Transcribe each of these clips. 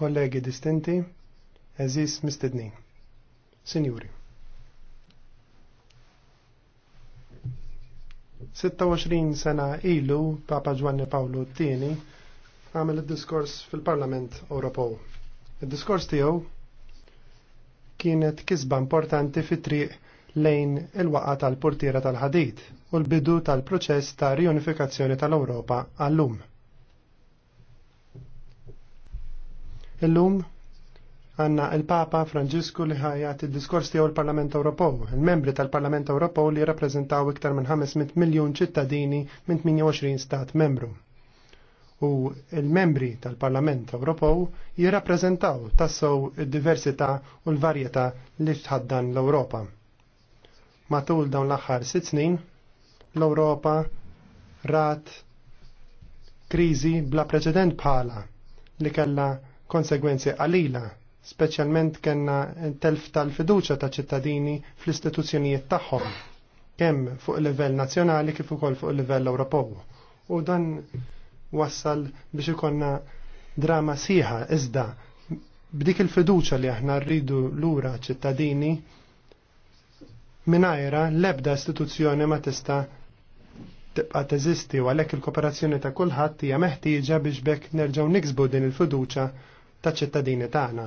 kollegi distinti, eżis mistedni, Sinjuri. 26 sena ilu Papa Giovanni Paolo Tini għamel id-diskors fil-Parlament Ewropew. il diskors tiegħu kienet kisba importanti fitri lejn il-waqa tal-portiera tal-ħadid u l-bidu tal-proċess ta' riunifikazzjoni tal-Ewropa għallum. Illum għanna il-Papa Franġisku li ħajat il-diskors tiegħu l-Parlament Ewropew, il-membri tal-Parlament Ewropew li rappreżentaw iktar minn 500 miljun ċittadini minn 28 stat membru. U il-membri tal-Parlament Ewropew jirrappreżentaw tassew id-diversità u l-varjetà li tħaddan l-Ewropa. Matul dawn l-aħħar sitt snin, l-Ewropa rat kriżi bla preċedent bħala li kella konsegwenzi għalila, speċjalment kena telf tal-fiduċa ta' ċittadini fl-istituzzjonijiet tagħhom, kemm fuq il-livell nazzjonali kif ukoll fuq il-livell Ewropew. U dan wassal biex ikonna drama siħa iżda b'dik il-fiduċa li aħna rridu lura ċittadini minajra l-ebda istituzzjoni ma tista' tibqa' teżisti u għalhekk il-kooperazzjoni ta' kulħadd hija meħtieġa biex bekk nerġgħu niksbu din il-fiduċa ta' ċittadini tagħna.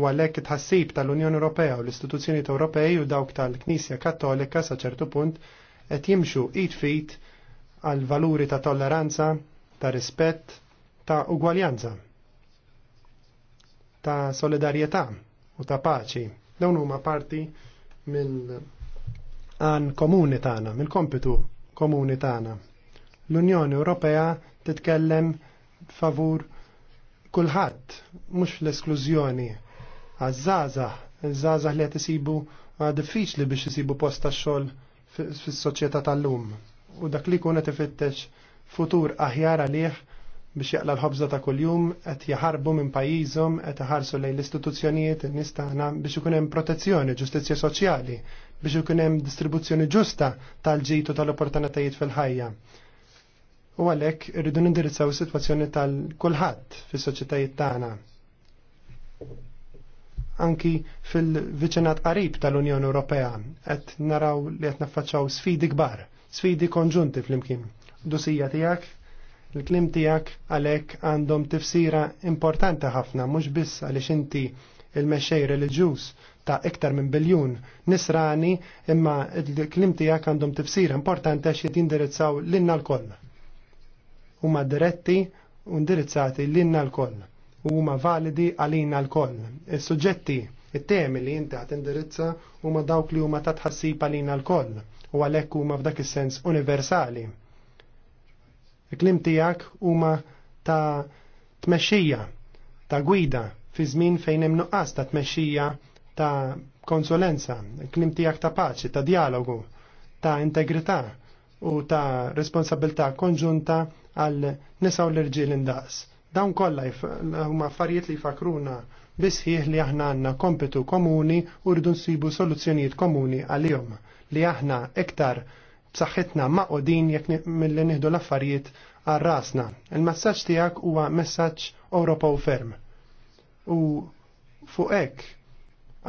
U għalhekk tħassib tal-Unjoni Ewropea u l istituzzjonijiet Ewropej u dawk tal-Knisja Kattolika sa ċertu punt qed jimxu id fit għal valuri ta' tolleranza, ta' rispett, ta' ugwaljanza, ta' solidarjetà u ta' paċi. Dawn huma parti mill għan komuni tagħna, mill-kompitu komuni tagħna. L-Unjoni Ewropea titkellem favur kulħadd, mhux l-esklużjoni. Għaż-żgħażagħ, iż-żgħażagħ li qed isibu diffiċli biex isibu post tax-xogħol fis-soċjetà tal-lum. U dak li jkun qed ifittex futur aħjar għalih biex jaqla l-ħobza ta' kuljum qed jaħarbu minn pajjiżhom qed iħarsu lejn l-istituzzjonijiet in-nies tagħna biex ikun hemm protezzjoni, ġustizzja soċjali, biex ikun hemm distribuzzjoni ġusta tal-ġitu tal-opportunitajiet fil-ħajja u għalhekk rridu nindirizzaw is-sitwazzjoni tal-kulħadd fis-soċjetajiet tagħna. Anki fil-viċinat qarib tal-Unjoni Ewropea qed naraw li qed naffaċċaw sfidi kbar, sfidi konġunti flimkien. Dusija tiegħek, il-klim tiegħek għalhekk għandhom tifsira importanti ħafna mhux biss għaliex inti il-mexxej reliġjuż ta' iktar minn biljun nisrani imma il-klim tiegħek għandhom tifsira importanti għax jindirizzaw lilna l-koll huma diretti u indirizzati l-inna l-koll u huma validi għalina l-koll. Is-suġġetti, il temi li jinti għat indirizza huma dawk li huma ta' tħassib għalina l-koll u għalhekk huma f'dak is-sens universali. Il-klim tiegħek huma ta' tmexxija, ta' gwida fi żmien fejn hemm nuqqas ta' tmexxija ta' konsulenza, il-klim tiegħek ta' paċi, ta' dialogu, ta' integrità u ta' responsabilità konġunta għal nisa u l-irġiel indaqs. Dawn kollha huma affarijiet li jfakruna bisħieħ li aħna għandna kompetu komuni u rridu nsibu soluzzjonijiet komuni għalihom li aħna iktar b'saħħitna maqodin jekk milli nieħdu l-affarijiet għal rasna. Il-messaġġ tiegħek huwa messaġġ u ferm. U fuq hekk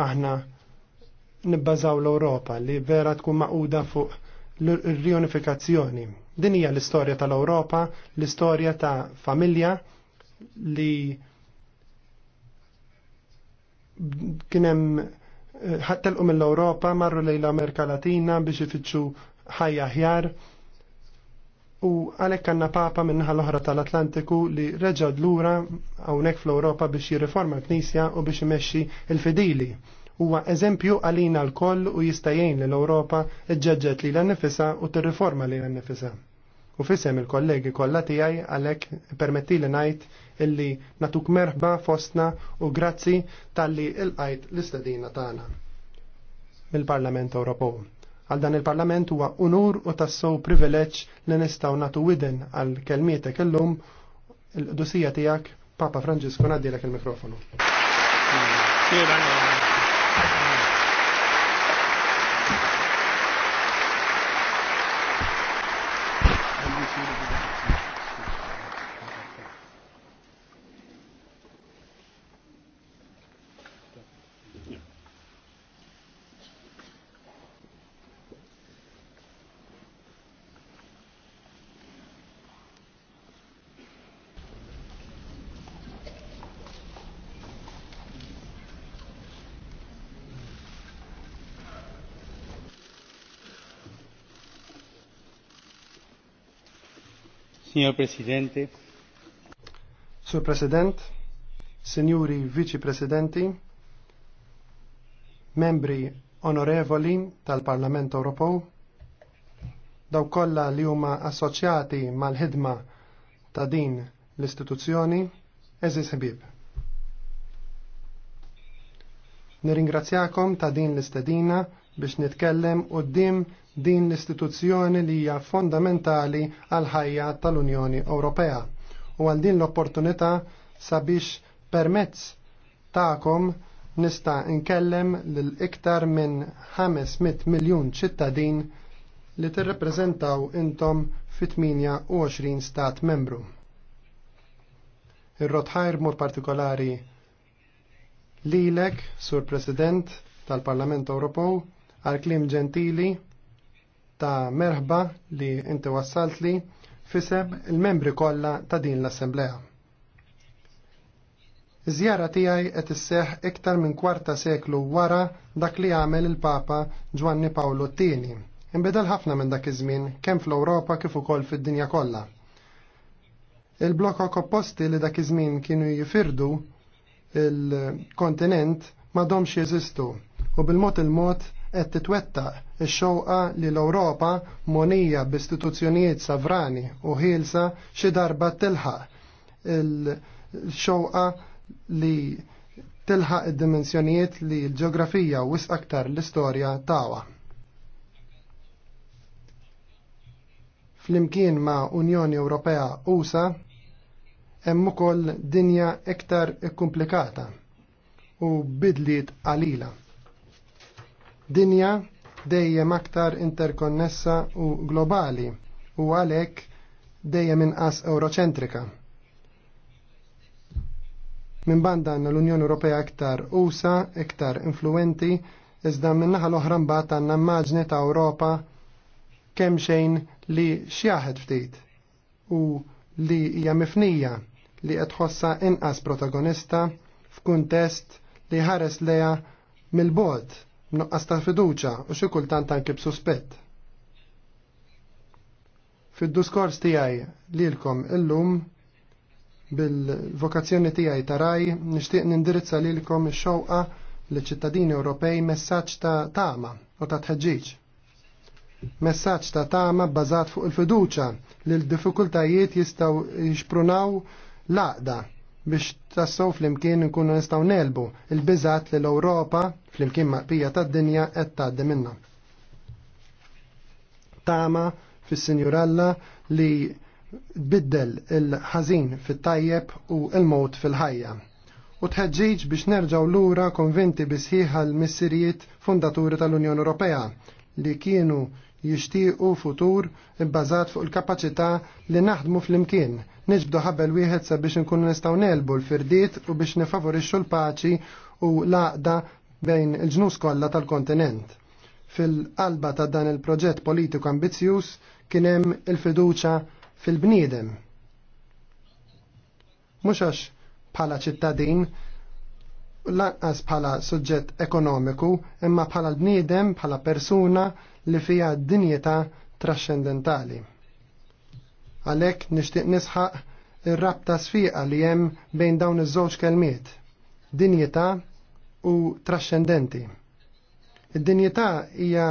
aħna nibbażaw l-Ewropa li vera tkun maquda fuq l-riunifikazzjoni. Din hija l-istorja tal-Ewropa, l-istorja ta' familja li kienem eh, ħattelqu mill-Ewropa marru lejn l-Amerika Latina biex ifittxu ħajja ħjar u għalhekk għandna papa minnaħa l-oħra tal-Atlantiku li reġa' lura hawnhekk fl-Ewropa biex jirriforma l-Knisja u biex imexxi il-fidili huwa eżempju għalina l-koll u jistajjejn li l-Ewropa ġġeġġet li l annifisa u t reforma li l annifisa U fissem il-kollegi kollha tiegħi għalhekk permetti li ngħid illi natuk merħba fostna u grazzi talli il-qajt l-istadina tagħna mill-Parlament Ewropew. Għal dan il-Parlament huwa unur u tassow privileġġ li nistgħu natu widen għal kelmietek illum il dusija tiegħek Papa Franġisku ngħaddilek il-mikrofonu. Signor Presidente. Sur President, Signori Vici Presidenti, membri onorevoli tal-Parlament Europeo, daw kollha li huma assoċjati mal-ħidma ta' din l-istituzzjoni, eżis ħbib. Nirringrazzjakom ta' din l-istedina biex nitkellem qudiem din l-istituzzjoni li hija fondamentali għal ħajja tal-Unjoni Ewropea u għal din l-opportunità sabiex permezz ta'kom nista' nkellem lil iktar minn 500 miljun ċittadin li tirrepreżentaw intom fi 28 stat membru. Ir-rotħajr mur partikolari lilek, Sur President tal-Parlament Ewropew, għal klim ġentili ta' merħba li inti wassalt li fiseb il-membri kollha ta' din l-Assemblea. Iż-żjara tiegħi qed isseħħ iktar minn kwarta seklu wara dak li għamel il-Papa Ġwanni Pawlu tieni, Inbidel ħafna minn dak iż-żmien kemm fl-Ewropa kif ukoll fid-dinja kollha. il blokok opposti li dak iż-żmien kienu jifirdu il-kontinent ma domx jeżistu u bil-mod il-mod il mod qed titwetta ix-xewqa li l-Ewropa monija b'istituzzjonijiet savrani u ħielsa xi darba tilħaq il xoqa li tilħaq id-dimensjonijiet li l-ġeografija wis aktar l-istorja tawa. Flimkien ma' Unjoni Ewropea USA hemm ukoll dinja iktar ikkumplikata u bidliet qalila dinja dejjem aktar interkonnessa u globali u għalhekk dejjem inqas euroċentrika. Min banda l-Unjoni Ewropea aktar usa, aktar influenti, iżda minnaħa l-oħra mbagħad għandna maġni ta' Ewropa kemm xejn li xjaħed ftit u li hija mifnija li qed inqas protagonista f'kuntest li ħares leja mill-bot nuqqas ta' fiduċa u xi kultant anke b'suspett. Fid-diskors tiegħi lilkom illum bil-vokazzjoni tiegħi ta' raj nixtieq nindirizza lilkom ix-xewqa li ċittadini Ewropej messaġġ ta' tama u ta' tħeġġiġ. Messaġġ ta' tama bbażat fuq il-fiduċa li l-diffikultajiet jistgħu jixprunaw laqda biex tassow fl-imkien nkunu nistaw nelbu il-bizat li l-Europa fl-imkien maqbija ta' dinja qed tgħaddi minna. Tama fis-Sinjuralla li biddel il-ħażin fit-tajjeb u il-mod fil-ħajja. U tħeġġiġ biex nerġaw lura konventi bisħiħa l-missirijiet fundaturi tal-Unjoni Ewropea li kienu jixtiequ futur bbażat fuq il-kapaċità li naħdmu fl-imkien, Nġbdu ħabel wieħed sabiex nkunu nistgħu nelbu l-firdiet u biex nifavorixxu l-paċi u l-għaqda bejn il-ġnus kollha tal-kontinent. Fil-qalba ta' dan il-proġett politiku ambizzjuż kien hemm il-fiduċa fil-bniedem. Mhux għax bħala ċittadin lanqas bħala suġġett ekonomiku, imma bħala bniedem, bħala persuna li fija dinjeta trascendentali. Għalek nishtiq nisħaq il rabta sfiqa li jem bejn dawn iż-żewġ kelmiet, dinjeta u trascendenti. Id-dinjeta hija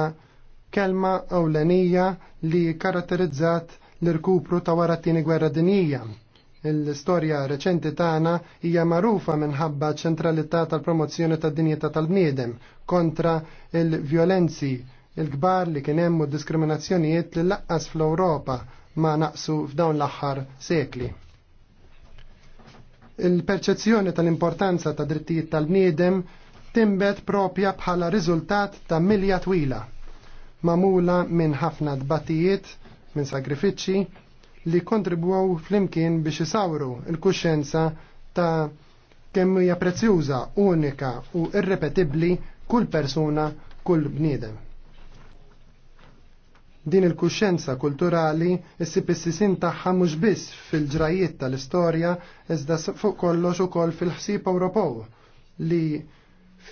kelma ewlenija li karatterizzat l-irkupru ta' wara t-tieni gwerra dinjija. L-istorja reċenti tagħna hija magħrufa minħabba ċentralità tal-promozzjoni tad-dinjeta tal-bniedem kontra il-vjolenzi il-kbar li kien hemm diskriminazzjonijiet li laqqas fl-Ewropa ma naqsu f'dawn l-aħħar sekli. Il-perċezzjoni tal-importanza ta' drittijiet tal-bniedem timbet propja bħala riżultat ta' milja twila, mamula minn ħafna dbatijiet, minn sagrifiċċji li kontribwew flimkien biex isawru il-kuxenza ta' kemm hija prezzjuża, unika u irrepetibbli kull persuna, kull bniedem. Din il-kuxenza kulturali issib pissisin taħħa tagħha mhux biss fil-ġrajiet tal-istorja iżda fuq kollox ukoll fil ħsib Ewropew li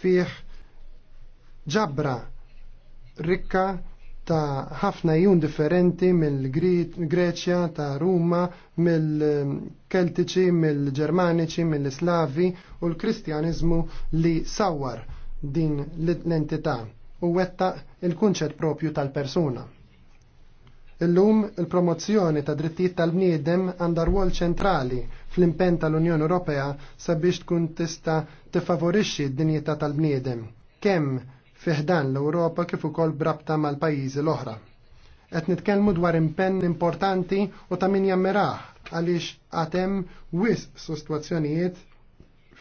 fih ġabra rikka ta' ħafna jun differenti mill-Greċja, ta' Ruma, mill-Keltiċi, mill-Ġermaniċi, mill-Slavi u l-Kristjanizmu li sawar din l-entità u wetta il-kunċett propju tal-persuna. Illum il-promozzjoni ta' drittijiet tal-bniedem għandha rwol ċentrali fl-impenn tal-Unjoni Ewropea sabiex tkun tista' tifavorixxi d-dinjità tal-bniedem kemm fiħdan l-Ewropa kif ukoll brabta mal-pajjiżi l-oħra. Qed nitkellmu dwar impenn importanti u ta' min jammirah għaliex hemm wis sostwazzjonijiet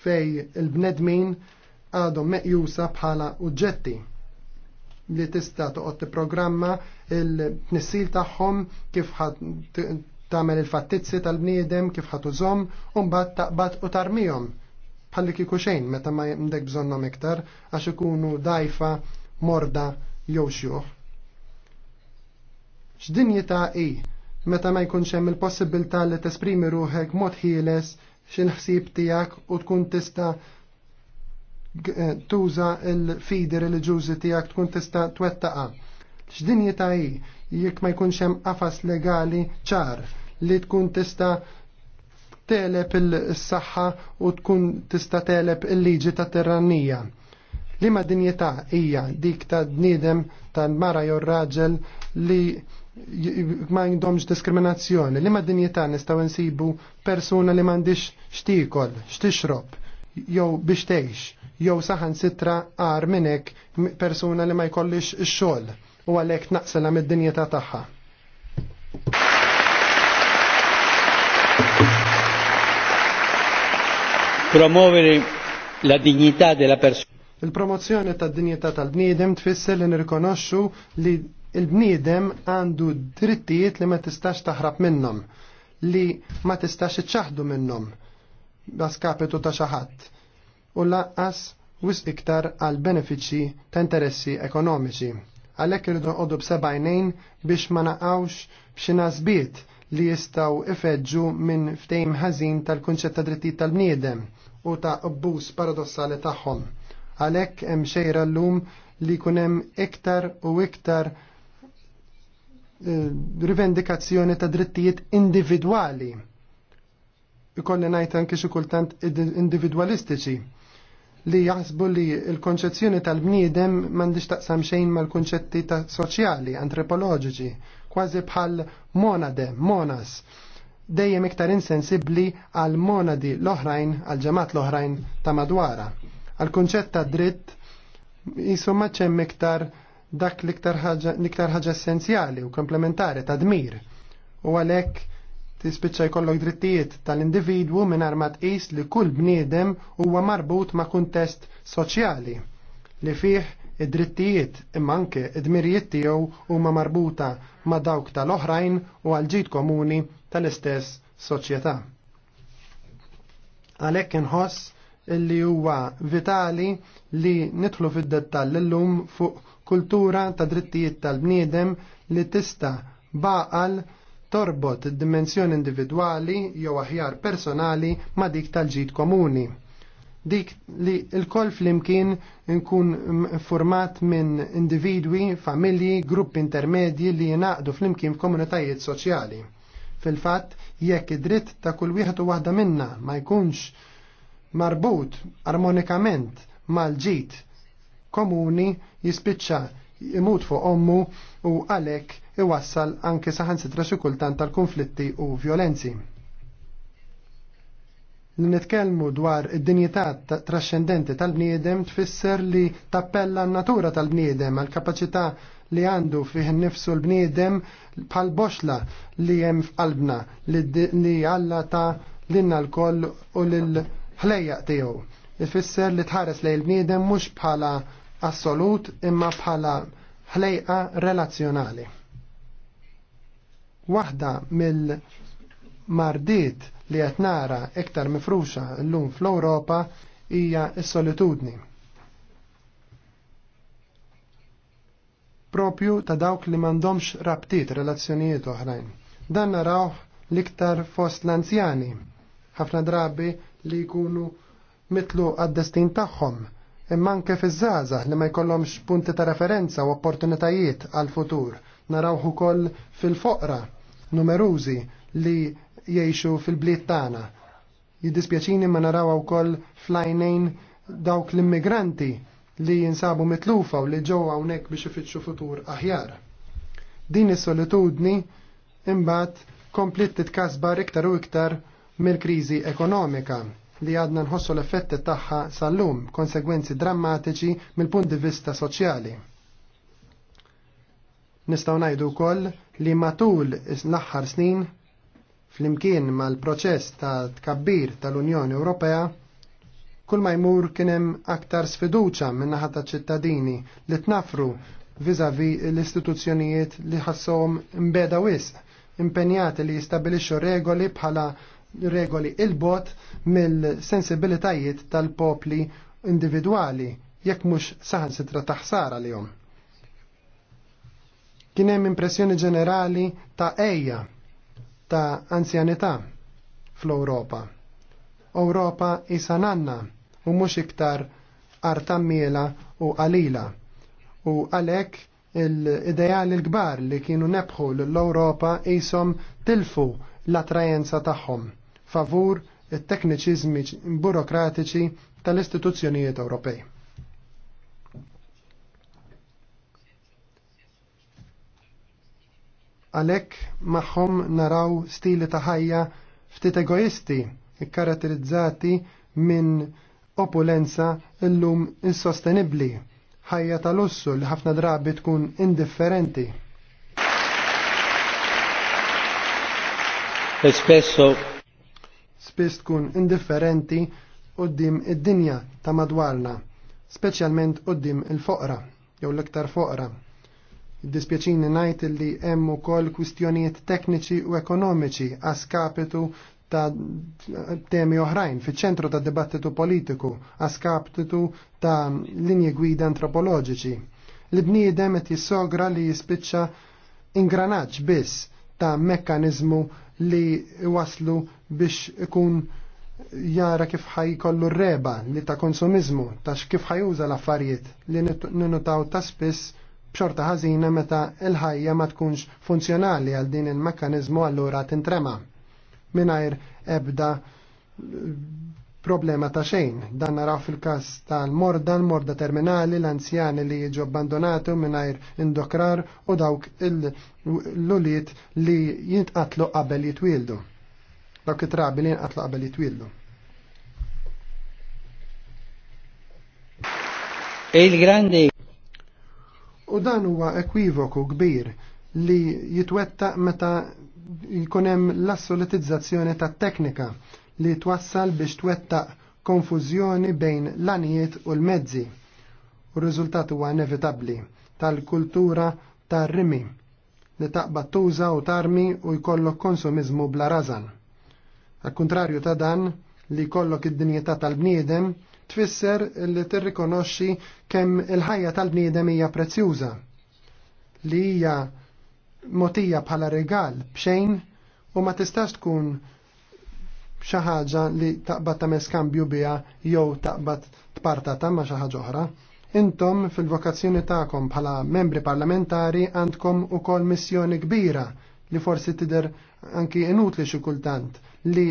fej il-bnedmin għadhom meqjusa bħala uġġetti li tista toqgħod tipprogramma il-tnissil tagħhom kif tagħmel il-fattizzi tal-bniedem kif ħad użhom u mbagħad taqbad u tarmihom bħalli kieku xejn meta ma jemdek bżonnhom iktar għax ikunu dajfa morda jew xjuħ. X'dinjità i meta ma jkunx hemm il-possibilità li tesprimi ruħek mod ħieles x'il-ħsieb tiegħek u tkun tista' Eh, tuża l-fidi reliġjużi tiegħek tkun tista' twettaqa. X'dinji ta' hi jekk ma jkunx hemm qafas legali ċar li tkun tista' teleb il-saħħa u tkun tista' teleb il-liġi ta' terranija. Li ma dinjeta' hija dik ta' dnidem ta' mara jew raġel li ma jindomx diskriminazzjoni. Li ma dinjeta' nistgħu nsibu persuna li m'għandix xtikol, xtixrob jew biex tgħix jew saħan sitra għar minnek persuna li ma jkollix xogħol u għalhekk naqsela mid-dinjeta tagħha. Promuovere la dignità della persona. Il-promozzjoni tad dinjità tal-bniedem tfisser li nirrikonoxxu li il-bniedem għandu drittijiet li ma tistax taħrab minnhom, li ma tistax iċċaħdu minnhom kapitu ta' xi ħadd u laqqas wis iktar għal benefiċi ta' interessi ekonomiċi. Għalhekk irridu għoddu b'sebajnejn biex ma naqgħux b'xi nasbiet li jistaw ifeġġu minn ftejm ħażin tal-kunċett ta' drittijiet tal-bniedem u ta' abbuż paradossali tagħhom. Għalhekk hemm xejra llum li kunem iktar u iktar eh, rivendikazzjoni ta' drittijiet individwali. Ikolli najt anke xi kultant individwalistiċi li jaħsbu li l-konċezzjoni tal-bniedem m'għandix taqsam xejn mal-kunċetti ta' soċjali, antropoloġiċi, kważi bħal monade, monas, dejjem iktar insensibbli għal monadi l-oħrajn, għal ġemat l-oħrajn ta' madwara. Għal kunċett ta' dritt jisumma ċemm iktar dak l-iktar ħaġa essenzjali u komplementari ta' dmir. U għalhekk tispiċċa jkollok drittijiet tal-individwu mingħajr ma tqis li kull bniedem huwa marbut ma' kuntest soċjali li fih id-drittijiet imma anke id-mirijiet tiegħu huma marbuta ma' dawk tal-oħrajn u għal ġid komuni tal-istess soċjetà. Għalhekk inħoss illi huwa vitali li nidħlu fid-dettall illum fuq kultura ta' drittijiet tal-bniedem li tista' baqal torbot id-dimensjoni individwali jew aħjar personali ma' dik tal-ġid komuni. Dik li l-koll flimkien nkun format minn individwi, familji, gruppi intermedji li jinaqdu flimkien f'komunitajiet soċjali. Fil-fatt, jekk id-dritt ta' kull wieħed u waħda minna ma jkunx marbut armonikament mal-ġid komuni jispiċċa imut fuq ommu u għalek iwassal anke saħansitra xi kultant tal-konflitti u violenzi. Li nitkellmu dwar id-dinjità trascendenti tal-bniedem tfisser li tappella n-natura tal-bniedem għal-kapaċità li għandu fih nifsu l-bniedem bħal boxla li jem f'qalbna li għalla ta' l-inna l-koll u l-ħlejjaq tiegħu. Ifisser li tħares lej l-bniedem mhux bħala assolut imma bħala ħlejqa relazzjonali. Waħda mill-mardiet li qed nara iktar mifruxa llum fl-Ewropa hija s-solitudni. Propju ta' dawk li m'għandhomx rabtiet relazzjonijiet oħrajn. Dan naraw l-iktar fost l-anzjani, ħafna drabi li jkunu mitlu għad-destin tagħhom imma anke fiż-żgħażagħ li ma jkollhomx punti ta' referenza u opportunitajiet għal futur. Narawh ukoll fil-foqra numerużi li jgħixu fil-bliet tagħna. Jiddispjaċini ma naraw wkoll flajnejn dawk l-immigranti li jinsabu mitlufa u li ġew hawnhekk biex ifittxu futur aħjar. Din is-solitudni imbagħad komplitt titkasbar iktar u iktar mill-kriżi ekonomika li għadna nħossu l-effetti tagħha sal-lum, konsegwenzi drammatiċi mill-punt di vista soċjali. Nistgħu ngħidu wkoll li matul l-aħħar snin flimkien mal-proċess ta' tkabbir tal-Unjoni Ewropea kull ma jmur kien hemm aktar sfiduċa minn naħa ta' ċittadini li tnafru vizavi l-istituzzjonijiet li ħassom imbeda wis impenjati li jistabilixxu regoli bħala regoli il-bot mill-sensibilitajiet tal-popli individwali jekk mhux saħansitra taħsara li jom. Kien hemm impressjoni ġenerali ta' ejja ta' anzjanità fl-Ewropa. Europa isa nanna u mhux iktar artammiela u qalila. U għalhekk l-ideali l-kbar li kienu nebħu l-Ewropa jisom tilfu l-attrajenza tagħhom favur it-tekniċiżmi burokratiċi tal-istituzzjonijiet Ewropej. Għalek maħħom naraw stili ta' ħajja ftit egoisti ikkaratterizzati minn opulenza illum insostenibli, ħajja tal-ussu li ħafna drabi tkun indifferenti. E spesso spiss tkun indifferenti qoddim id-dinja ta' madwarna, speċjalment qoddim il-foqra, jew l-iktar foqra. Dispjaċini ngħid li hemm ukoll kwistjonijiet tekniċi u ekonomiċi għaskapitu ta' temi oħrajn fiċ-ċentru ta' dibattitu politiku, għaskapitu ta' linji gwida antropoloġiċi. L-bniedem qed jissogra li jispiċċa ingranaġġ biss ta' mekkanizmu li waslu biex ikun jara kif ħaj kollu reba li ta' konsumizmu, ta' kif uża l-affarijiet li ninutaw ta' spiss b'xorta ħażina meta il-ħajja ma tkunx funzjonali għal din il-mekkanizmu allura tintrema Minajr ebda problema ta' xejn. Dan naraw fil-kas tal-morda, l-morda terminali, l-anzjani li jiġu abbandonati minnajr indokrar u dawk l-uliet li jintqatlu qabel jitwildu. Dawk it-trabi li jintqatlu qabel jitwildu. E Il-grandi. U dan huwa ekwivoku kbir li jitwettaq meta jkunem l-assolutizzazzjoni tat-teknika li twassal biex twettaq konfużjoni bejn l-anijiet u l-mezzi. U r-riżultat huwa inevitabbli tal-kultura tar-rimi li taqba tuża u tarmi u jkollok konsumiżmu bla razan. Al kontrarju ta' dan li kollok id-dinjità tal-bniedem, tfisser li tirrikonoxxi kemm il-ħajja tal-bniedem hija prezzjuża li hija motija bħala regal bxejn u ma tistax tkun xi ħaġa li taqbad tagħmel skambju biha jew taqbad tparta ta' ma' xi ħaġa oħra. Intom fil-vokazzjoni tagħkom bħala membri parlamentari għandkom ukoll missjoni kbira li forsi tidher anki inutli xi kultant li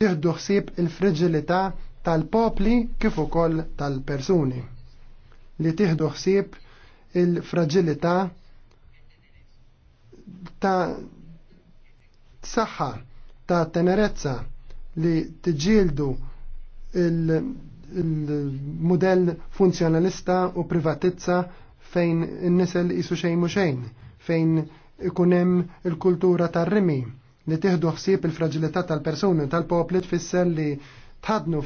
tieħdu ħsieb il-friġilità tal-popli kif ukoll tal-persuni. Li tieħdu ħsieb il-fragilità ta' saħħa ta' tenerezza li tġildu il-modell funzjonalista u privatizza fejn n-nisel jisu xejn mu xejn, fejn ikunem il-kultura tar-rimi li tieħdu ħsieb il-fragilità tal-persuni tal-popli tfisser li tħadnu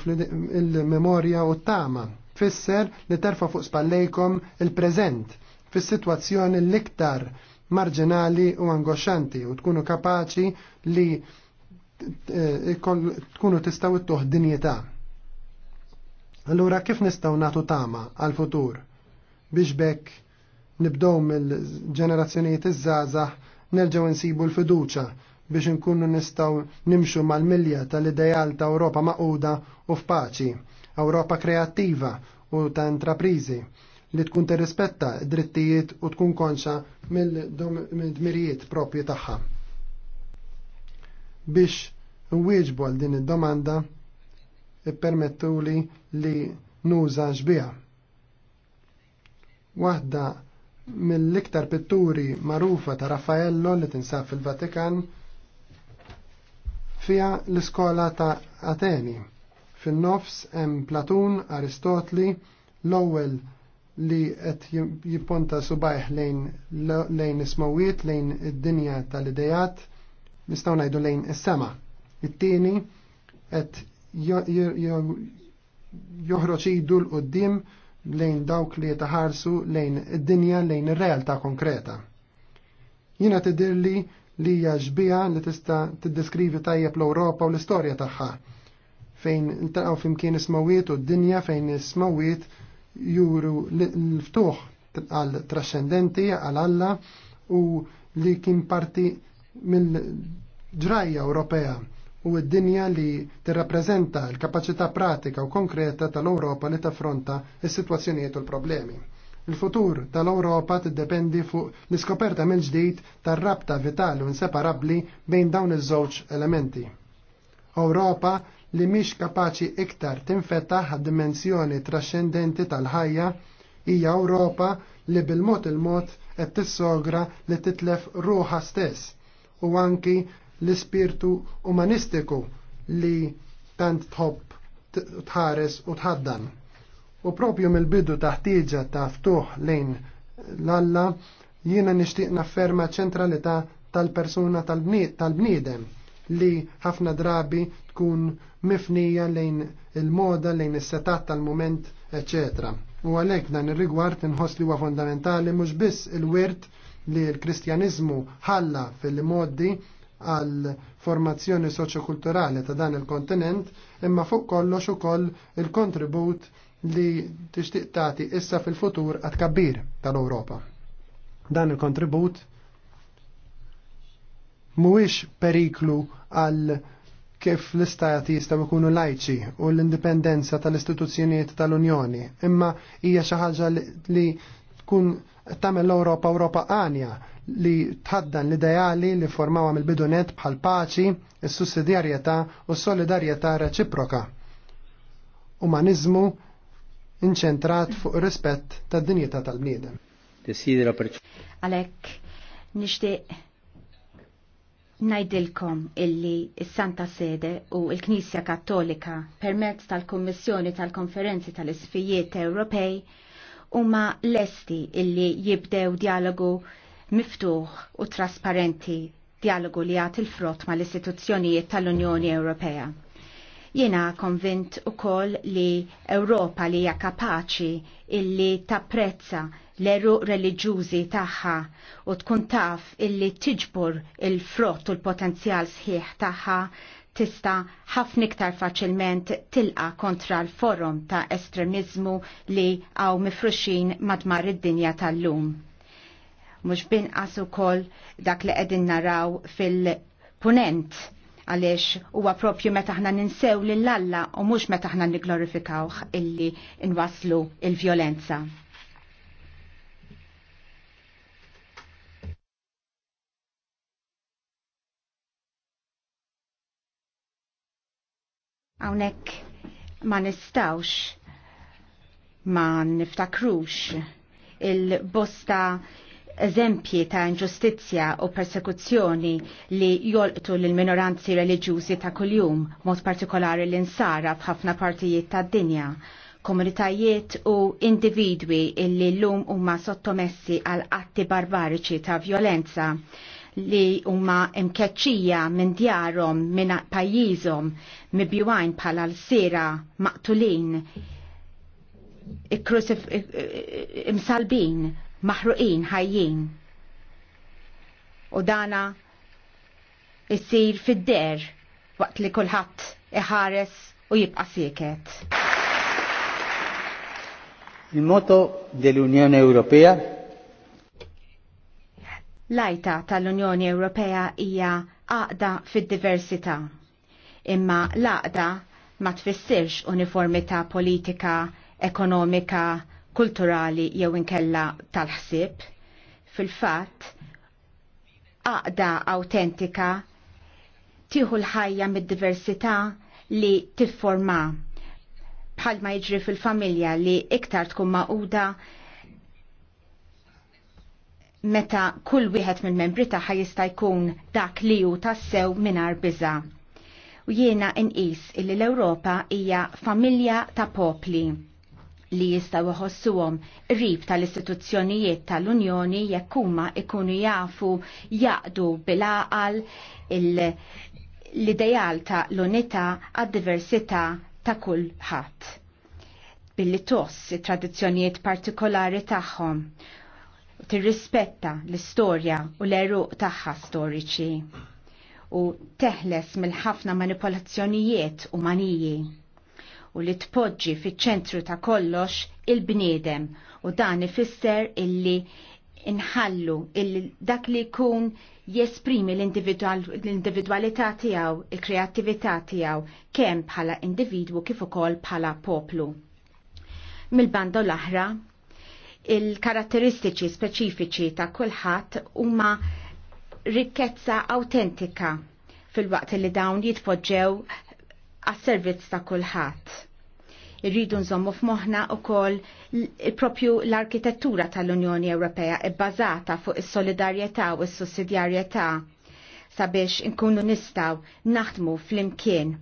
il-memorja u t-tama, tfisser li terfa fuq spallejkom il-preżent fis-sitwazzjoni l-iktar marġinali u angoxxanti u tkunu kapaċi li tkunu tistaw it-tuħ dinjeta. Allura kif nistaw natu tama għal-futur biex bekk nibdow mill-ġenerazzjonijiet iż-żgħażagħ nerġgħu nsibu l-fiduċa biex nkunu nistaw nimxu mal-milja tal-ideal ta' Ewropa maquda u f'paċi, Ewropa kreattiva u ta' intraprizi li tkun tirrispetta d-drittijiet u tkun konxa mill-dmirijiet propju tagħha biex nwieġbu għal din id-domanda ippermettuli li nuża xbija. Waħda mill-iktar pitturi marufa ta' Raffaello li tinsab fil-Vatikan fija l-iskola ta' Ateni. Fin-nofs hemm Platun, Aristotli, l-ewwel li qed jipponta subajh lejn lejn ismawiet lejn id-dinja tal-idejat nistgħu ngħidu lejn is-sema. It-tieni qed joħroġ idu l qudiem lejn dawk li taħarsu lejn id-dinja lejn ir-realtà konkreta. Jiena tidirli li hija ġbija li tista' tiddeskrivi tajjeb l-Ewropa u l-istorja tagħha fejn intaqgħu fimkien ismawiet u d-dinja fejn ismawiet juru l-ftuħ għal trascendenti għal Alla u li kien parti mill-ġrajja Ewropea u d-dinja li tirrappreżenta l-kapaċità pratika u konkreta tal-Ewropa li taffronta s-sitwazzjonijiet u l-problemi. Il-futur tal-Ewropa tiddependi fuq l-iskoperta mill ġdid tar-rabta vitali u inseparabbli bejn dawn iż-żewġ elementi. Ewropa li mhix kapaċi iktar għad dimensjoni trascendenti tal-ħajja hija Ewropa li bil-mod il-mod qed tissogra li titlef ruħa stess u anki l-ispirtu umanistiku li tant tħobb tħares u tħaddan. U propju mill-bidu taħtieġa ta' ftuħ lejn l-alla jiena nixtieq nafferma ċentralità tal-persuna tal-bniedem li ħafna drabi tkun mifnija lejn il-moda, lejn is-setat tal-moment, eccetera. U għalhekk dan ir-rigward inħoss li huwa fondamentali mhux biss il-wirt li l-Kristjanizmu ħalla fil-modi għal formazzjoni soċjokulturali ta' dan il-kontinent, imma fuq kollox ukoll il-kontribut li tixtieq tagħti issa fil-futur għat kabbir tal-Ewropa. Dan il-kontribut mhuwiex periklu għal kif l-istati jistaw ikunu lajċi u l-indipendenza tal-istituzzjonijiet tal-Unjoni, imma hija xi ħaġa li tkun tamen l europa Europa għanja li tħaddan l-ideali li formawa mill-bidunet bħal paċi, s sussidjarjetà u s-solidarjetà reċiproka. Umanizmu inċentrat fuq rispett tad dinjeta tal-bniedem. Desidera Alek, nixtieq Najdilkom illi s-Santa Sede u l-Knisja Kattolika permezz tal-Kommissjoni tal-Konferenzi tal-Isfijiet Ewropej huma lesti illi jibdew dialogu miftuħ u trasparenti dialogu li għat il-frott ma l-istituzzjonijiet tal-Unjoni Ewropea. Jena konvint u koll li Ewropa li hija kapaċi illi tapprezza l-eru reliġjużi tagħha u tkun taf illi tiġbur il-frott u l-potenzjal sħiħ tagħha tista ħafna iktar faċilment tilqa kontra l-forum ta' estremizmu li għaw mifruxin madmar id-dinja tal-lum. Mux binqas ukoll dak li qegħdin naraw fil-punent għaliex huwa propju meta aħna ninsew lill-alla u mhux meta aħna niglorifikawh illi inwaslu il-vjolenza. il vjolenza Hawnhekk ma nistawx ma niftakrux il-bosta eżempji ta' inġustizzja u persekuzzjoni li jolqtu l-minoranzi reliġjużi ta' kuljum, mod partikolari l-insara f'ħafna partijiet ta' dinja, komunitajiet u individwi illi l-lum huma sottomessi għal atti barbariċi ta' violenza li huma mkeċċija minn djarhom minn pajjiżhom mibjuwajn bħala l-sira maqtulin imsalbin maħruqin ħajjin. U dana issir fid-der waqt li kulħadd iħares u jibqa' sieket. Il-moto dell'Unione Europea L-ajta tal-Unjoni Ewropea hija aqda fid-diversità. Imma l-għaqda ma tfissirx uniformità politika, ekonomika, kulturali jew inkella tal-ħsieb. Fil-fatt, għaqda autentika tieħu l-ħajja mid-diversità li tifforma bħalma jiġri fil-familja li iktar tkun maquda meta kull wieħed mill-membri tagħha jista' jkun dak li hu tassew mingħajr biża. U jiena inqis illi l-Ewropa hija familja ta' popli li jista' iħossuhom rib tal-istituzzjonijiet tal-Unjoni jekk huma ikunu jafu jaqdu bil-aqal l-ideal ta' l-unità għad-diversità ta' kulħadd billi toss it-tradizzjonijiet partikolari tagħhom tirrispetta l-istorja u l-eruq tagħha storiċi u teħles mill-ħafna manipolazzjonijiet manijji u li tpoġġi fiċ-ċentru ta' kollox il-bniedem u dan ifisser illi inħallu illi dak li jkun jesprimi l-individualità tiegħu, il-kreattività tiegħu kemm bħala individwu kif ukoll bħala poplu. Mill-banda l-aħra il-karatteristiċi speċifiċi ta' kulħadd huma rikkezza autentika fil-waqt li dawn jitpoġġew għas-servizz ta' kulħadd. Irridu nżommu f'moħħna wkoll propju l-arkitettura tal-Unjoni Ewropea bazata fuq is-solidarjetà u s-sussidjarjetà sabiex inkunu nistaw naħdmu fl-imkien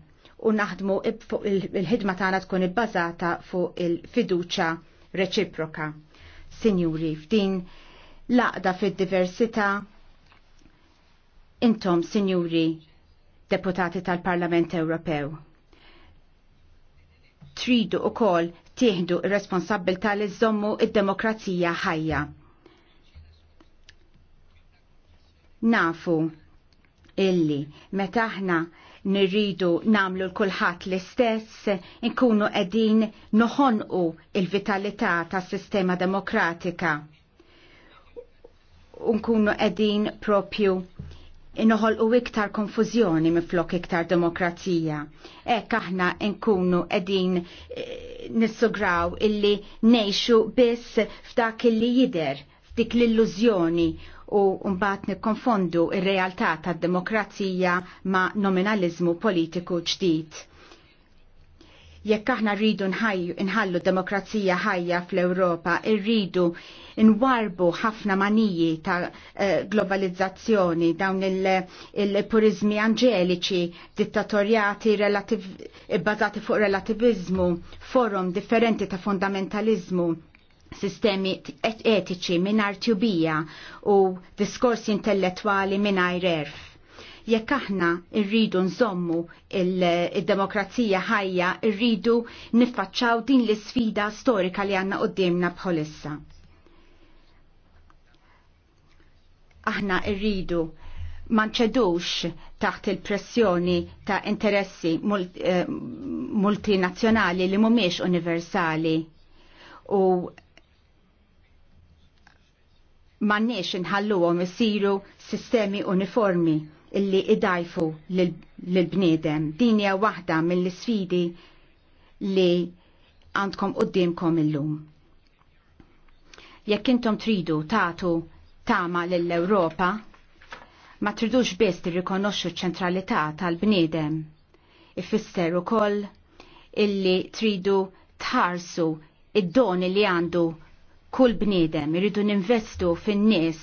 u naħdmu il-ħidma tagħna tkun ibbażata fuq il-fiduċa reċiproka. Sinjuri, f'din laqda fid-diversità intom, Sinjuri, deputati tal-Parlament Ewropew. Tridu u kol tieħdu responsabilta li żommu id-demokrazija ħajja. Nafu illi metaħna nirridu namlu l-kulħat l-istess, nkunu edin noħonqu il-vitalità tas sistema demokratika. Nkunu edin propju inħol u iktar konfuzjoni miflok iktar demokrazija. Ek aħna nkunu edin eh, nissugraw illi neħxu biss f'dak illi jider, f'dik l-illużjoni u mbagħad nikkonfondu ir-realtà tad-demokrazija ma' nominalizmu politiku ġdid jekk aħna rridu nħallu demokrazija ħajja fl-Ewropa, irridu nwarbu ħafna maniji ta' eh, globalizzazzjoni, dawn il-purizmi anġeliċi, dittatorjati bbażati fuq relativizmu, forum differenti ta' fundamentalizmu sistemi etiċi minar tjubija u diskorsi intellettuali minar erf. Jekk aħna irridu nżommu il-demokrazija ħajja, irridu niffaċċaw din l-sfida storika li għanna qoddimna bħolissa. Aħna irridu manċedux taħt il-pressjoni ta' interessi eh, multinazzjonali li mumiex universali u mannix inħalluhom isiru sistemi uniformi illi idajfu l-bnedem. Din hija waħda mill-sfidi li għandkom qoddimkom illum. Jekk intom tridu tagħtu tama lill-Ewropa, ma tridux biss tirrikonoxxu ċ-ċentralità tal-bniedem. Ifisser ukoll illi tridu tħarsu id-doni li għandu kull bniedem, irridu ninvestu fin-nies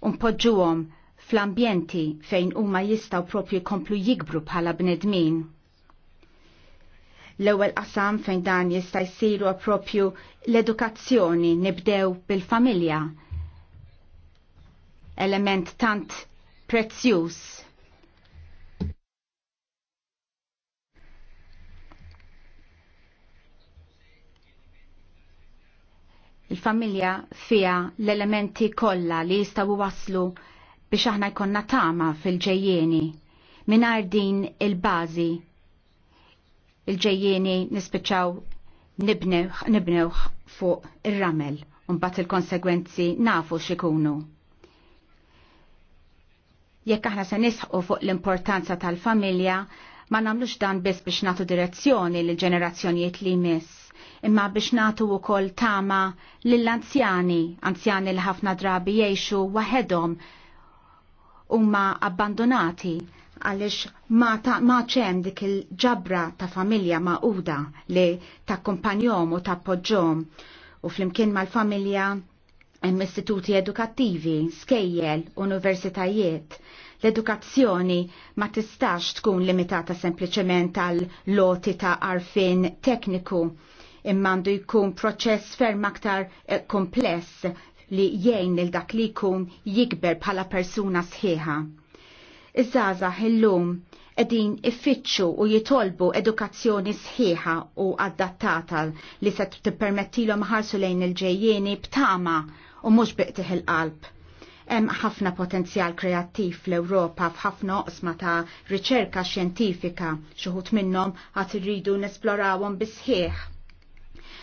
u npoġġuhom fl-ambjenti fejn huma jistgħu propju jkomplu jikbru bħala bnedmin l-ewwel qasam fejn dan jista' jsiru appropju l-edukazzjoni nibdew bil-familja. Element tant prezzjuż Il-familja fija l-elementi kollha li jistgħu waslu biex aħna jkollna tama fil-ġejjeni mingħajr din il-bażi il-ġejjeni nispiċċaw nibnew fuq ir-ramel mbagħad il-konsegwenzi nafu x'ikunu. Jekk aħna se nisħu fuq l-importanza tal-familja, ma nagħmlux dan biss biex nagħtu direzzjoni lill ġenerazzjonijiet li jmiss imma biex natu u kol tama lill-anzjani, anzjani li ħafna drabi jiexu waħedhom huma abbandonati għalix ma, ta, ma ċem dik il-ġabra ta' familja uda li ta' kompanjom u ta' podġom u flimkien mal-familja hemm istituti edukattivi, skejjel, universitajiet. L-edukazzjoni ma tistax tkun limitata sempliċement għal loti ta' arfin tekniku immandu jkun proċess ferm aktar eh, kompless li jgħin il dak li jkun jikber bħala persuna sħiħa. Iż-żaza illum edin iffittxu u jitolbu edukazzjoni sħiħa u adattata li se tippermettilhom ħarsu lejn il-ġejjieni b'tama u mhux biqtih il-qalb. Hemm ħafna potenzjal kreattiv fl-Ewropa f'ħafna oqsma ta' riċerka xjentifika xi minnhom għad irridu nesplorawhom bisħieħ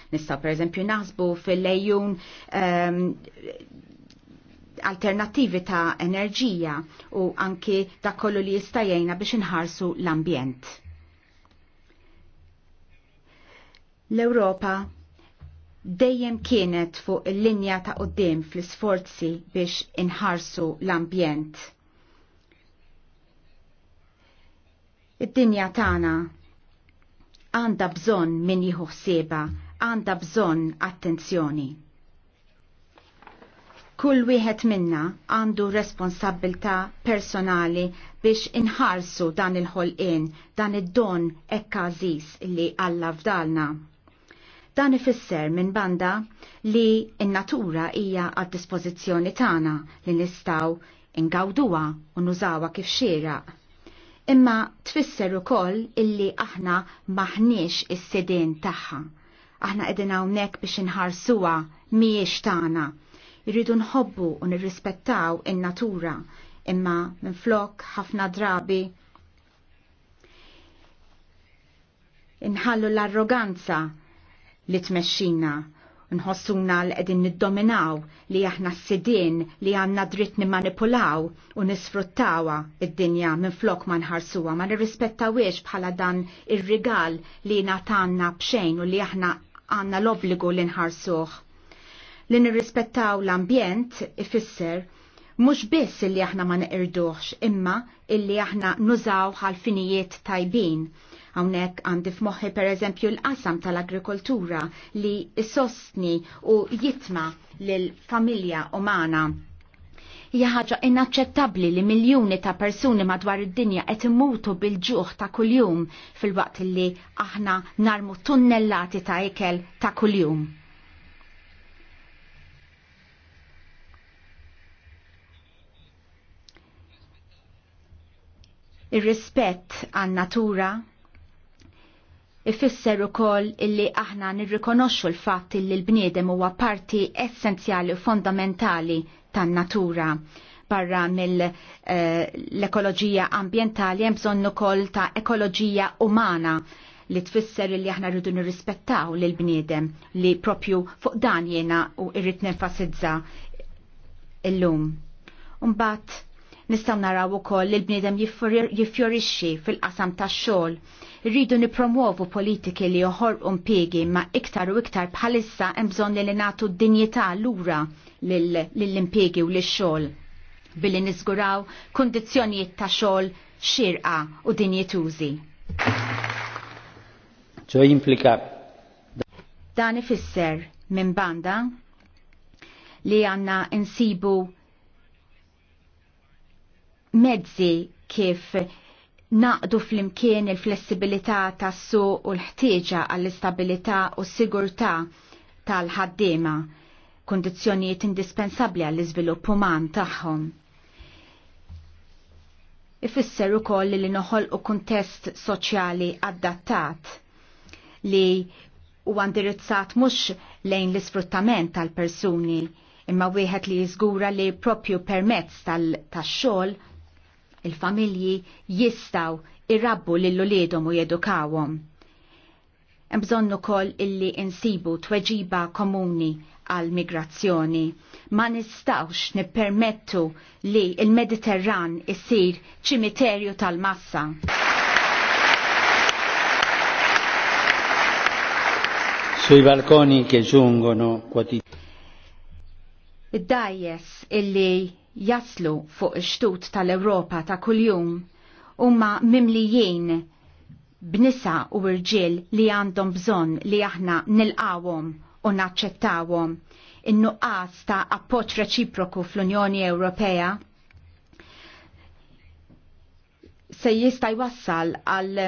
Nista' pereżempju naħsbu fil-lejjun um, alternativi ta' enerġija u anki ta' kollu li jistajjena biex inħarsu l-ambjent. L-Europa dejjem kienet fuq il-linja ta' qoddim fl-sforzi biex inħarsu l-ambjent. Id-dinja tagħna għandha bżonn min jieħu ħsieba għanda bżon attenzjoni. Kull wieħed minna għandu responsabilta personali biex inħarsu dan il-ħolqien, dan id-don ekkażis li Alla fdalna. Dan ifisser minn banda li in-natura hija għad dispożizzjoni tagħna li nistgħu ingawduha u nużawha kif xieraq. Imma tfisser ukoll illi aħna maħniex is-sedin tagħha Aħna edin għawnek biex inħarsuha mhijiex tagħna. Irridu nħobbu u nirrispettaw in-natura imma minflok ħafna drabi inħallu l-arroganza li tmexxina nħossuna l-edin niddominaw li aħna s-sidin li għanna dritt nimmanipulaw u nisfruttawa id-dinja minn flok ma nħarsuwa ma nirrispettawiex bħala dan ir-rigal li natanna bxejn u li aħna għanna l-obbligu li nħarsuh. Li nirrispettaw l-ambjent ifisser mhux biss illi aħna ma neqirduħx imma illi aħna nużaw ħalfinijiet tajbin. Hawnhekk għandi f'moħħi pereżempju l-qasam tal-agrikoltura li sostni u jitma lil familja umana Hija ħaġa inaċċettabbli li miljuni ta' persuni madwar id-dinja qed imutu bil-ġuħ ta' kuljum fil-waqt li aħna narmu tunnellati ta' ikel ta' kuljum. ir-rispett għan natura ifisser ukoll illi aħna nirrikonoxxu l-fatt li l-bniedem huwa parti essenzjali u fondamentali tan-natura barra mill-ekoloġija eh, ambientali hemm bżonn ukoll ta' ekoloġija umana li tfisser li aħna rridu nirrispettaw lil bniedem li propju fuq dan jiena u irrid nenfasizza illum. Umbat Nistaw naraw ukoll li l-bniedem jiffjorixxi fil-qasam tax-xogħol. Rridu nipromuovu politiki li joħor impiegi ma iktar u iktar bħalissa hemm bżonn li nagħtu dinjità lura lill impjegi u lix-xogħol billi niżguraw kundizzjonijiet ta' xogħol xirqa u dinjetużi. Ġo jimplika. Dan ifisser minn banda li għanna insibu mezzi kif naqdu fl-imkien il-flessibilità tas-su u l-ħtieġa għall-istabilità u s-sigurtà tal-ħaddiema, kundizzjonijiet indispensabbli għall-iżvilupp uman tagħhom. Ifisser ukoll li noħolqu kuntest soċjali adattat li huwa indirizzat mhux lejn l-isfruttament tal-persuni imma wieħed li jiżgura li propju permezz tal-xogħol il-familji jistaw irrabbu lill-uliedhom u jedukawhom. Hemm bżonn ukoll illi insibu tweġiba komuni għal migrazzjoni. Ma nistawx nippermettu li il-Mediterran isir ċimiterju tal-massa. Sui balconi che giungono quotidianamente. Id-dajes illi jaslu fuq ix-xtut tal-Ewropa ta' kuljum huma mimlijin b'nisa u rġiel li għandhom bżonn li aħna nilqawhom u naċċettawhom in-nuqqas ta' appoġġ reċiproku fl-Unjoni Ewropea se jista' jwassal għal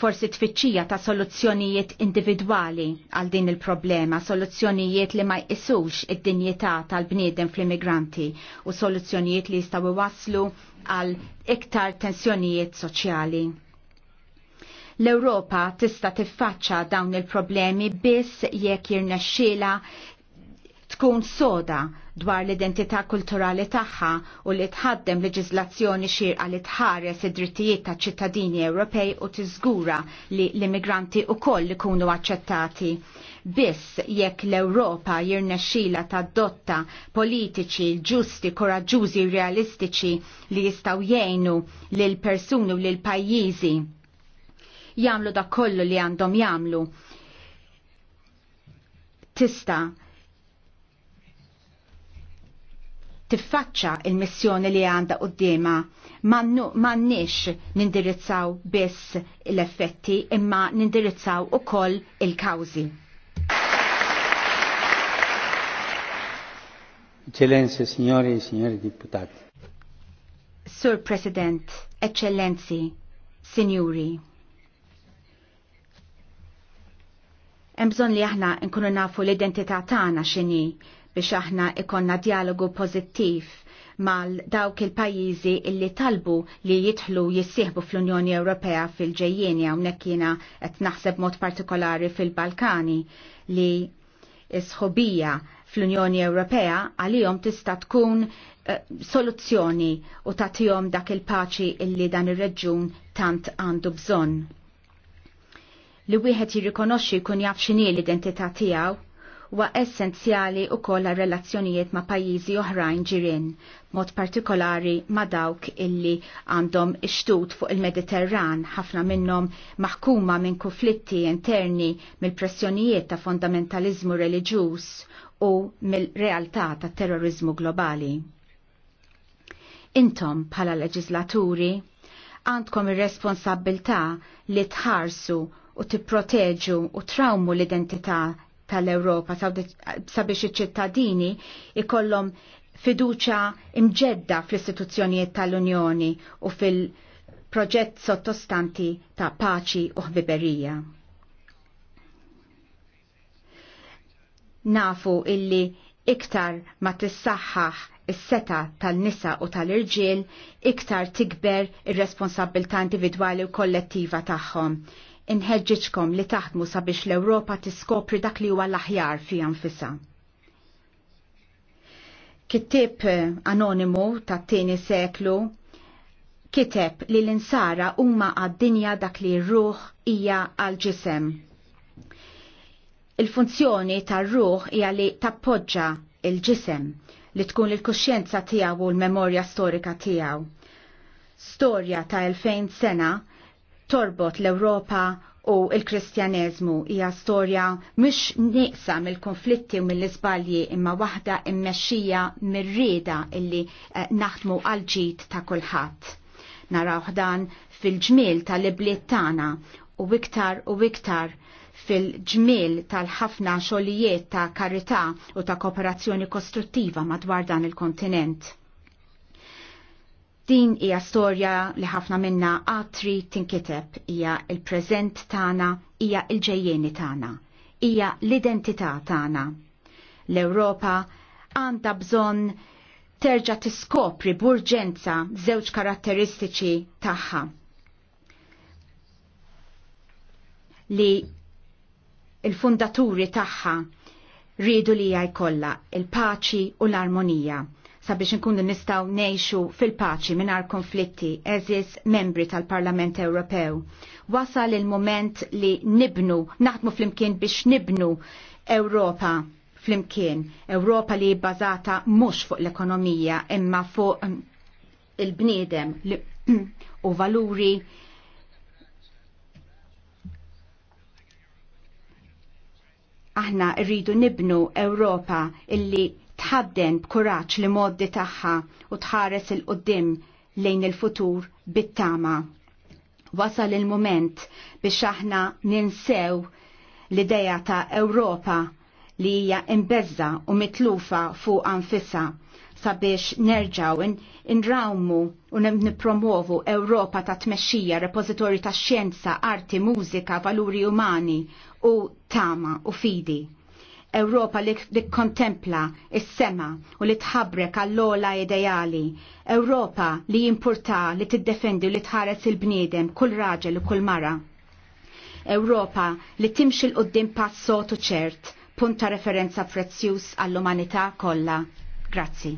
forsi tfittxija ta' soluzzjonijiet individwali għal din il-problema, soluzzjonijiet li ma jqisux id-dinjità tal-bniedem fl-immigranti u soluzzjonijiet li jistaw waslu għal iktar tensjonijiet soċjali. L-Europa tista' tiffaċċa dawn il-problemi biss jekk jirnexxiela tkun soda dwar l-identità kulturali tagħha u li tħaddem leġiżlazzjoni xirqa li tħares id-drittijiet ta' ċittadini Ewropej u tiżgura li l-immigranti ukoll ikunu aċċettati. Biss jekk l-Ewropa jirnexxila tad-dotta politiċi ġusti, koraġġużi, realistiċi li jistgħu jgħinu lil persuni u lil pajjiżi jagħmlu dak kollu li għandhom jagħmlu tista tiffaċċa il-missjoni li għanda qoddima m'għandniex nindirizzaw biss l-effetti imma nindirizzaw ukoll il-kawżi. Eccellenze, signori e signori deputati. Sur President, Eccellenzi, Signori. Hemm bżonn li aħna nkunu nafu l-identità tagħna xini biex aħna ikonna dialogu pozittiv mal dawk il-pajjiżi illi talbu li jidħlu jissieħbu fl-Unjoni Ewropea fil ġejjeni hawnhekk jiena qed naħseb mod partikolari fil-Balkani li sħobija fl-Unjoni Ewropea għalihom tista' tkun eh, soluzzjoni u tagħtihom dak il-paċi illi dan ir-reġjun tant għandu bżonn. Li wieħed jirrikonoxxi jkun jaf x'inhi l-identità tiegħu huwa essenzjali u koll relazzjonijiet ma' pajjiżi oħrajn ġirin, mod partikolari ma' dawk illi għandhom ixtut fuq il-Mediterran, ħafna minnhom maħkuma minn konflitti interni mill-pressjonijiet ta' fondamentalizmu reliġjuż u mill-realtà ta' terrorizmu globali. Intom bħala leġislaturi għandkom ir-responsabilità li tħarsu u tipproteġu u trawmu l-identità tal-Europa sabiex iċ-ċittadini ikollhom fiduċa imġedda fl-istituzzjonijiet tal-Unjoni u fil-proġett sottostanti ta' paċi u ħbiberija. Nafu illi iktar ma tissaħħaħ is-seta tal-nisa u tal-irġiel iktar tikber ir-responsabilità individwali u kollettiva tagħhom inħeġġiġkom li taħdmu sabiex l-Ewropa tiskopri dak li huwa l-aħjar fi anfisa. Kittib eh, anonimu ta' tieni seklu kiteb li l-insara huma għad-dinja dak li r-ruħ hija għal-ġisem. Il-funzjoni tar-ruħ hija li tappoġġa il-ġisem li tkun il-kuxjenza tiegħu u l-memorja storika tiegħu. Storja ta' 2000 sena torbot l-Ewropa u il-Kristjaneżmu hija storja mhux nieqsa mill-konflitti u mill-iżbalji imma waħda immexxija mir-rieda illi eh, naħdmu għal ġid ta' kulħadd. Naraw dan fil-ġmiel tal-ibliet tagħna u iktar u iktar fil-ġmiel tal-ħafna xogħlijiet ta' karità u ta' kooperazzjoni kostruttiva madwar dan il-kontinent Din hija storja li ħafna minna għatri tinkiteb hija il-preżent tagħna, hija il-ġejjeni tagħna, hija l-identità tagħna. L-Ewropa għandha bżonn terġa' tiskopri burġenza żewġ karatteristiċi tagħha. Li il-fundaturi tagħha rridu li jkollha il-paċi u l-armonija sabiex nkunu nistaw neħxu fil-paċi minar konflitti eżis membri tal-Parlament Ewropew. Wasal il-moment li nibnu, naħdmu fl-imkien biex nibnu Ewropa fl-imkien, Ewropa li bazata mux fuq l-ekonomija imma fuq um, il-bniedem u valuri aħna rridu nibnu Ewropa illi tħadden b'kuraġġ li moddi tagħha u tħares il qudiem lejn il-futur bit-tama. Wasal il-moment biex aħna ninsew l-ideja ta' Ewropa li hija imbezza u mitlufa fuq anfissa sabiex nerġaw in u nipromovu Ewropa ta' tmexxija, repożitorji ta' xjenza, arti, mużika, valuri umani u tama u fidi Ewropa li, li kontempla is-sema u li tħabbrek għall-ola ideali. Ewropa li jimpurta li tiddefendi u li tħares il-bniedem kull raġel u kull mara. Ewropa li timxi l-qoddim passotu ċert, punta referenza prezzjuż għall-umanità kollha. Grazzi.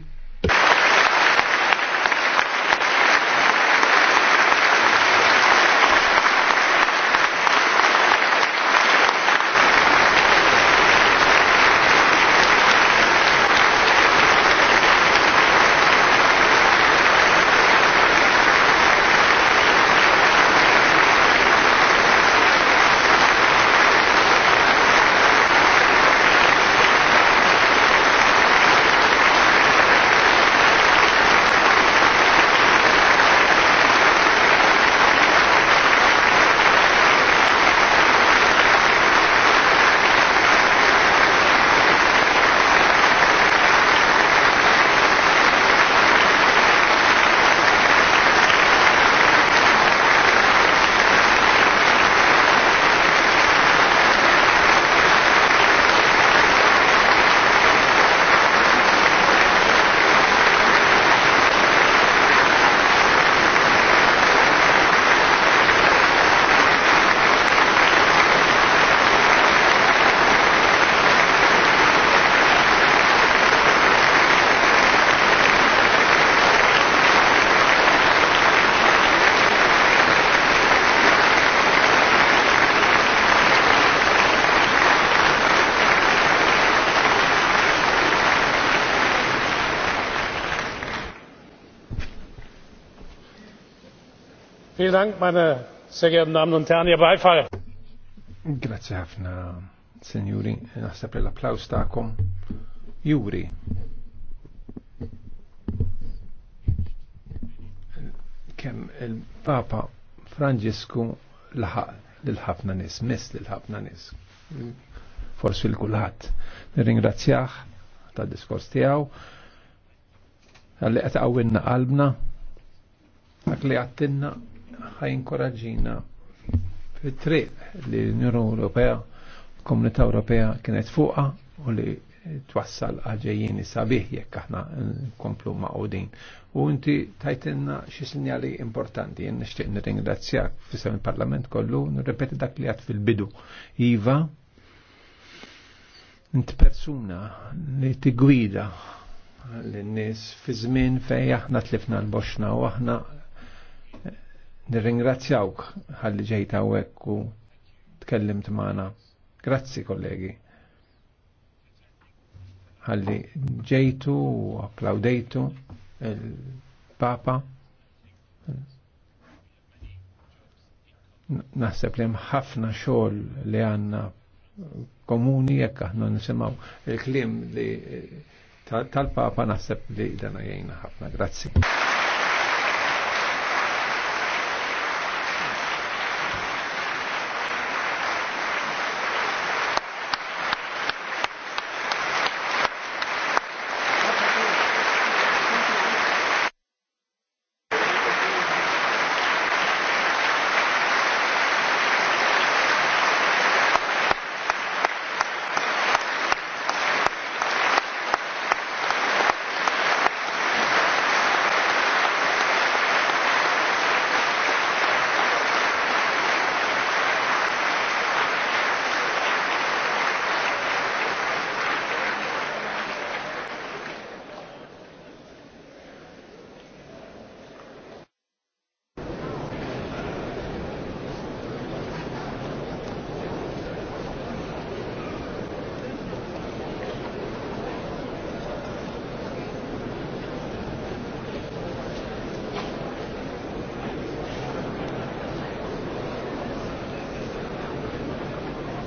Vielen Dank, meine sehr geehrten Damen und Herren, Ihr Beifall. Grazie ħafna, Senjuri. Naħseb l-applaus ta'kom. Juri. Kem il-Papa Franġisku laħaq l ħafna nis, mis l ħafna nis. Forsi l-kulħat. Nirringrazzjah ta' diskors tijaw. għalli qed għawinna qalbna dak li għattinna ħajinkoraġina fit-triq li l-Unjoni Ewropea, l-Komunità Ewropea kienet fuqa u li twassal għalġejjien sabiħ jekk aħna nkomplu maqudin. U inti tajtinna xi sinjali importanti, jien nixtieq nirringrazzjak f'isem il-Parlament kollu, nirrepeti dak li għad fil-bidu. Iva, int persuna li tigwida l-nies fi żmien fejn aħna tlifna l-boxna u aħna Nirringrazzjawk ħalli ġejt hawnhekk u tkellimt magħna. Grazzi kollegi. Ħalli ġejtu u applaudejtu il-Papa. Naħseb li hemm ħafna xogħol li għandna komuni jekk aħna nisimgħu il-kliem li tal-Papa naħseb li dana jgħinna ħafna. Grazzi.